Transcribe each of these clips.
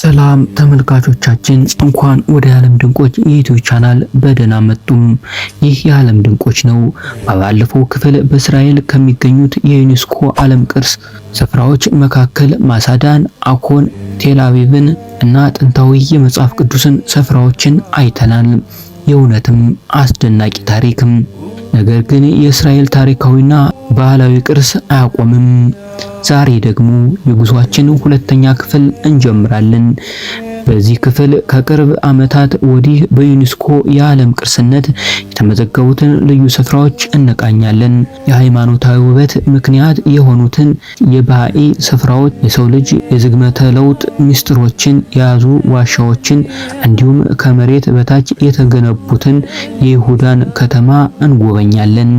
ሰላም ተመልካቾቻችን እንኳን ወደ ዓለም ድንቆች የዩቲዩብ ቻናል በደህና መጡም። ይህ የዓለም ድንቆች ነው። በባለፈው ክፍል በእስራኤል ከሚገኙት የዩኔስኮ ዓለም ቅርስ ስፍራዎች መካከል ማሳዳን፣ አኮን፣ ቴላቪቭን እና ጥንታዊ የመጽሐፍ ቅዱስን ስፍራዎችን አይተናል። የእውነትም አስደናቂ ታሪክም። ነገር ግን የእስራኤል ታሪካዊና ባህላዊ ቅርስ አያቆምም። ዛሬ ደግሞ የጉዟችን ሁለተኛ ክፍል እንጀምራለን። በዚህ ክፍል ከቅርብ ዓመታት ወዲህ በዩኒስኮ የዓለም ቅርስነት የተመዘገቡትን ልዩ ስፍራዎች እንቃኛለን። የሃይማኖታዊ ውበት ምክንያት የሆኑትን የባኢ ስፍራዎች፣ የሰው ልጅ የዝግመተ ለውጥ ሚስጥሮችን የያዙ ዋሻዎችን፣ እንዲሁም ከመሬት በታች የተገነቡትን የይሁዳን ከተማ እንጎበኛለን።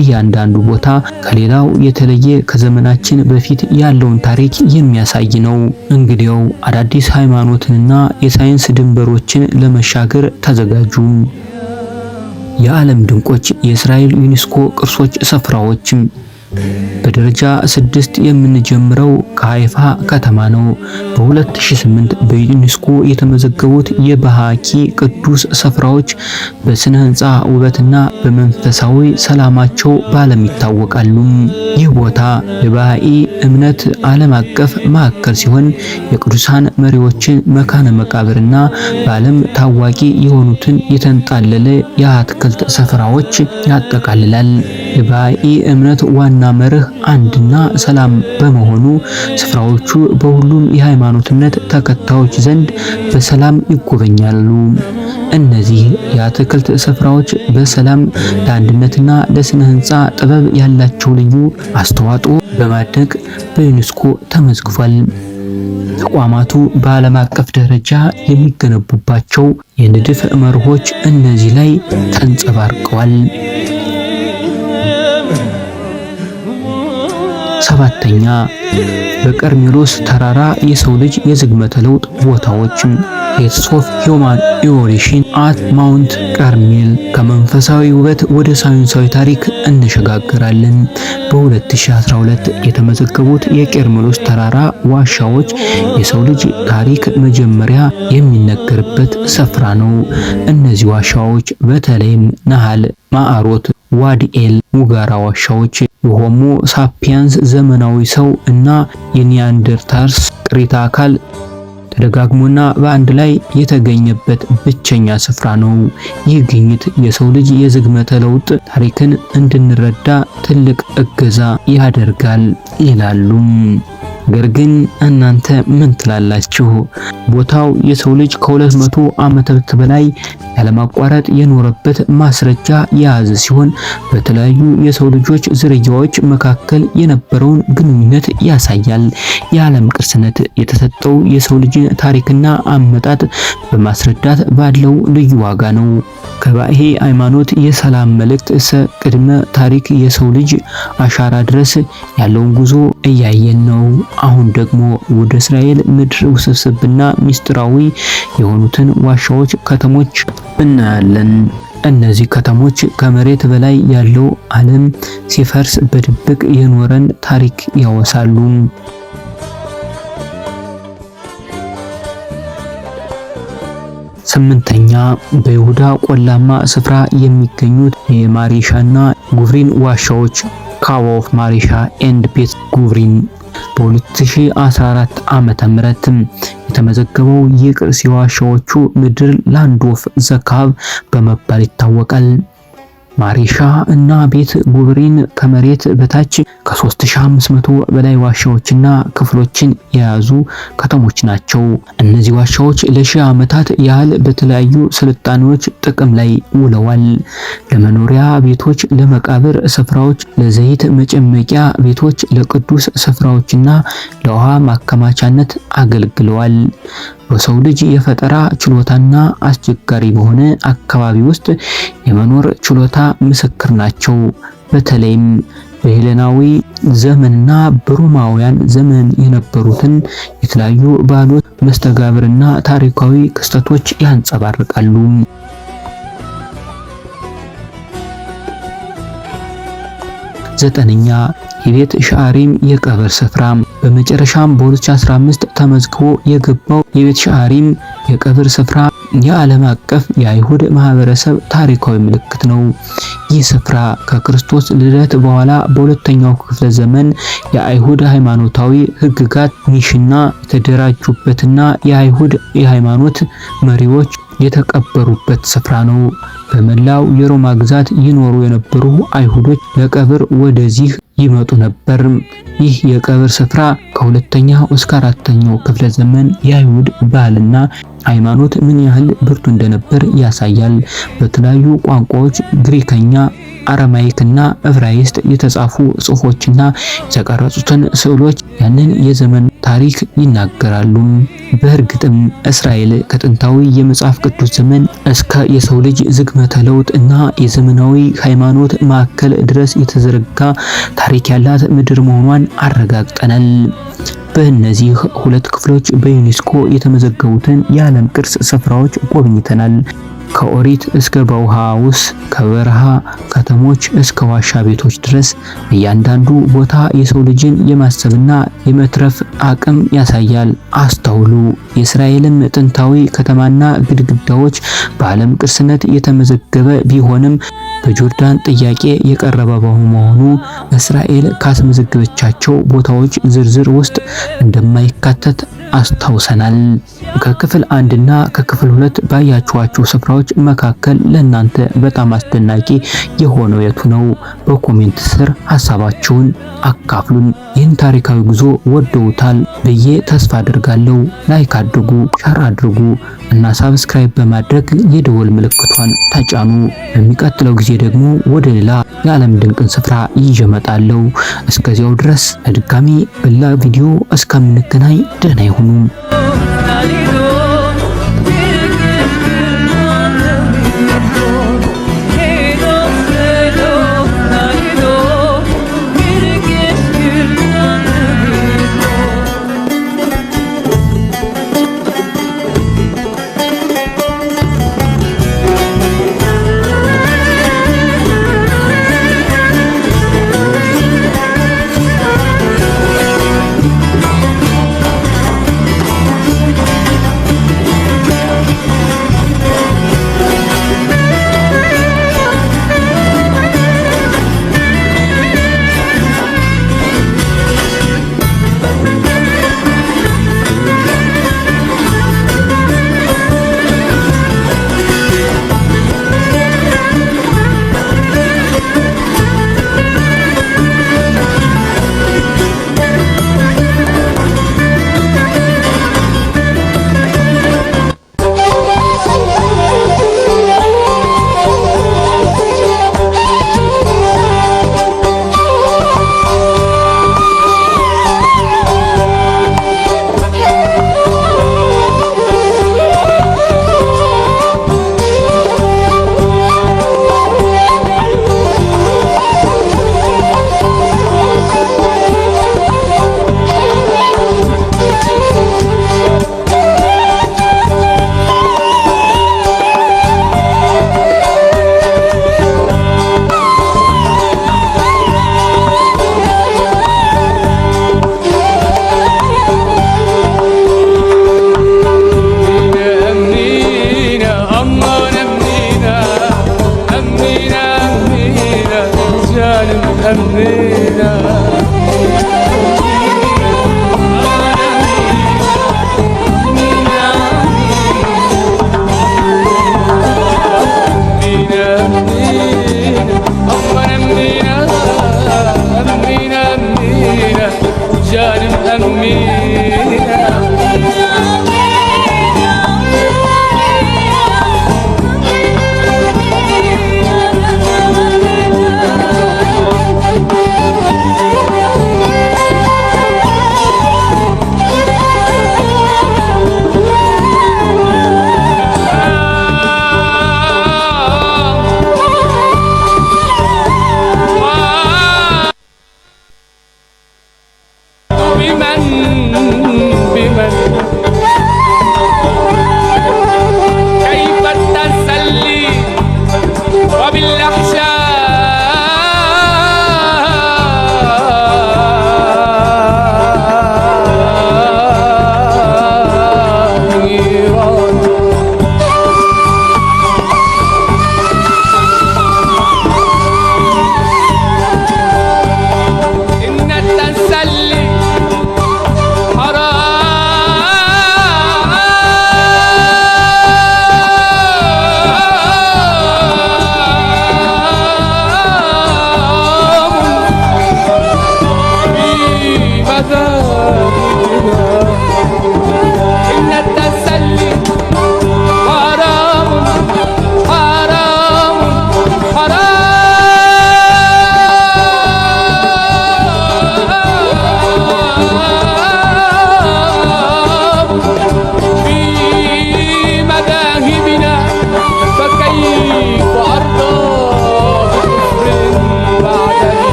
እያንዳንዱ ቦታ ከሌላው የተለየ ከዘመናችን በፊት ያለውን ታሪክ የሚያሳይ ነው። እንግዲያው አዳዲስ ሃይማኖትንና የሳይንስ ድንበሮችን ለመሻገር ተዘጋጁ። የዓለም ድንቆች የእስራኤል ዩኒስኮ ቅርሶች ስፍራዎችም። በደረጃ ስድስት የምንጀምረው ከሃይፋ ከተማ ነው። በ2008 በዩኔስኮ የተመዘገቡት የባሃኪ ቅዱስ ስፍራዎች በስነ ህንፃ ውበትና በመንፈሳዊ ሰላማቸው በዓለም ይታወቃሉ። ይህ ቦታ ለባሃኢ እምነት ዓለም አቀፍ ማዕከል ሲሆን የቅዱሳን መሪዎችን መካነ መቃብርና በዓለም ታዋቂ የሆኑትን የተንጣለለ የአትክልት ስፍራዎች ያጠቃልላል። የባሃኢ እምነት ዋና መርህ አንድና ሰላም በመሆኑ ስፍራዎቹ በሁሉም የሃይማኖትነት ተከታዮች ዘንድ በሰላም ይጎበኛሉ። እነዚህ የአትክልት ስፍራዎች በሰላም ለአንድነትና ለስነ ህንፃ ጥበብ ያላቸው ልዩ አስተዋጽኦ በማድረግ በዩኔስኮ ተመዝግቧል። ተቋማቱ በዓለም አቀፍ ደረጃ የሚገነቡባቸው የንድፍ መርሆች እነዚህ ላይ ተንጸባርቀዋል። ሰባተኛ በቀርሜሎስ ተራራ የሰው ልጅ የዝግመተ ለውጥ ቦታዎች ቴስት ኦፍ ሂውማን ኢቮሉሽን አት ማውንት ካርሜል ከመንፈሳዊ ውበት ወደ ሳይንሳዊ ታሪክ እንሸጋግራለን። በ2012 የተመዘገቡት የቄርሜሎስ ተራራ ዋሻዎች የሰው ልጅ ታሪክ መጀመሪያ የሚነገርበት ስፍራ ነው። እነዚህ ዋሻዎች በተለይም ናሃል፣ ማዕሮት ዋድኤል፣ ሙጋራ ዋሻዎች የሆሞ ሳፒያንስ ዘመናዊ ሰው እና የኒያንደርታርስ ቅሪተ አካል ደጋግሞና በአንድ ላይ የተገኘበት ብቸኛ ስፍራ ነው። ይህ ግኝት የሰው ልጅ የዝግመተ ለውጥ ታሪክን እንድንረዳ ትልቅ እገዛ ያደርጋል ይላሉም። ነገር ግን እናንተ ምን ትላላችሁ? ቦታው የሰው ልጅ ከሁለት መቶ ዓመታት በላይ ያለማቋረጥ የኖረበት ማስረጃ የያዘ ሲሆን በተለያዩ የሰው ልጆች ዝርያዎች መካከል የነበረውን ግንኙነት ያሳያል። የዓለም ቅርስነት የተሰጠው የሰው ልጅን ታሪክና አመጣጥ በማስረዳት ባለው ልዩ ዋጋ ነው። ከባሄ ሃይማኖት የሰላም መልእክት እሰ ቅድመ ታሪክ የሰው ልጅ አሻራ ድረስ ያለውን ጉዞ እያየን ነው። አሁን ደግሞ ወደ እስራኤል ምድር ውስብስብና ሚስጥራዊ የሆኑትን ዋሻዎች፣ ከተሞች እናያለን። እነዚህ ከተሞች ከመሬት በላይ ያለው ዓለም ሲፈርስ በድብቅ የኖረን ታሪክ ያወሳሉ። ስምንተኛ በይሁዳ ቆላማ ስፍራ የሚገኙት የማሪሻና ጉቭሪን ዋሻዎች ካቭ ኦፍ ማሪሻ ኤንድ ቤት ጉቭሪን በ2014 ዓመተ ምህረት የተመዘገበው የቅርስ የዋሻዎቹ ምድር ላንድ ኦፍ ዘካብ በመባል ይታወቃል። ማሬሻ እና ቤት ጉብሪን ከመሬት በታች ከ3500 በላይ ዋሻዎችና ክፍሎችን የያዙ ከተሞች ናቸው። እነዚህ ዋሻዎች ለሺህ ዓመታት ያህል በተለያዩ ስልጣኔዎች ጥቅም ላይ ውለዋል። ለመኖሪያ ቤቶች፣ ለመቃብር ስፍራዎች፣ ለዘይት መጨመቂያ ቤቶች፣ ለቅዱስ ስፍራዎችና ለውሃ ማከማቻነት አገልግለዋል። በሰው ልጅ የፈጠራ ችሎታና አስቸጋሪ በሆነ አካባቢ ውስጥ የመኖር ችሎታ ምስክር ናቸው። በተለይም በሄለናዊ ዘመንና በሮማውያን ዘመን የነበሩትን የተለያዩ ባህሎች መስተጋብርና ታሪካዊ ክስተቶች ያንጸባርቃሉ። ዘጠነኛ የቤት ሻአሪም የቀብር ስፍራ። በመጨረሻም በ2015 ተመዝግቦ የገባው የቤት ሻአሪም የቀብር ስፍራ የዓለም አቀፍ የአይሁድ ማህበረሰብ ታሪካዊ ምልክት ነው። ይህ ስፍራ ከክርስቶስ ልደት በኋላ በሁለተኛው ክፍለ ዘመን የአይሁድ ሃይማኖታዊ ህግጋት ኒሽና የተደራጁበትና የአይሁድ የሃይማኖት መሪዎች የተቀበሩበት ስፍራ ነው። በመላው የሮማ ግዛት ይኖሩ የነበሩ አይሁዶች ለቀብር ወደዚህ ይመጡ ነበር። ይህ የቀብር ስፍራ ከሁለተኛው እስከ አራተኛው ክፍለ ዘመን የአይሁድ ባህልና ሃይማኖት ምን ያህል ብርቱ እንደነበር ያሳያል። በተለያዩ ቋንቋዎች ግሪከኛ፣ አረማይክና ዕብራይስጥ የተጻፉ ጽሑፎችና የተቀረጹትን ስዕሎች ያንን የዘመን ታሪክ ይናገራሉ። በእርግጥም እስራኤል ከጥንታዊ የመጽሐፍ ቅዱስ ዘመን እስከ የሰው ልጅ ዝግመተ ለውጥ እና የዘመናዊ ሃይማኖት ማዕከል ድረስ የተዘረጋ ታሪክ ያላት ምድር መሆኗን አረጋግጠናል። በእነዚህ ሁለት ክፍሎች በዩኔስኮ የተመዘገቡትን ያ የዓለም ቅርስ ስፍራዎች ጎብኝተናል። ከኦሪት እስከ በውሃውስ ከበረሃ ከተሞች እስከ ዋሻ ቤቶች ድረስ እያንዳንዱ ቦታ የሰው ልጅን የማሰብና የመትረፍ አቅም ያሳያል። አስተውሉ። የእስራኤልም ጥንታዊ ከተማና ግድግዳዎች በዓለም ቅርስነት የተመዘገበ ቢሆንም በጆርዳን ጥያቄ የቀረበ በመሆኑ እስራኤል ካስመዘገበቻቸው ቦታዎች ዝርዝር ውስጥ እንደማይካተት አስታውሰናል። ከክፍል አንድና ከክፍል ሁለት ባያችኋቸው ስፍራዎች መካከል ለእናንተ በጣም አስደናቂ የሆነው የቱ ነው? በኮሜንት ስር ሀሳባችሁን አካፍሉን። ይህን ታሪካዊ ጉዞ ወደውታል ብዬ ተስፋ አድርጋለሁ። ላይክ አድርጉ፣ ሸር አድርጉ እና ሳብስክራይብ በማድረግ የደወል ምልክቷን ተጫኑ። በሚቀጥለው ጊዜ ደግሞ ወደ ሌላ የዓለም ድንቅን ስፍራ ይዤ እመጣለሁ። እስከዚያው ድረስ በድጋሚ በሌላ ቪዲዮ እስከምንገናኝ ደህና ይሁኑ።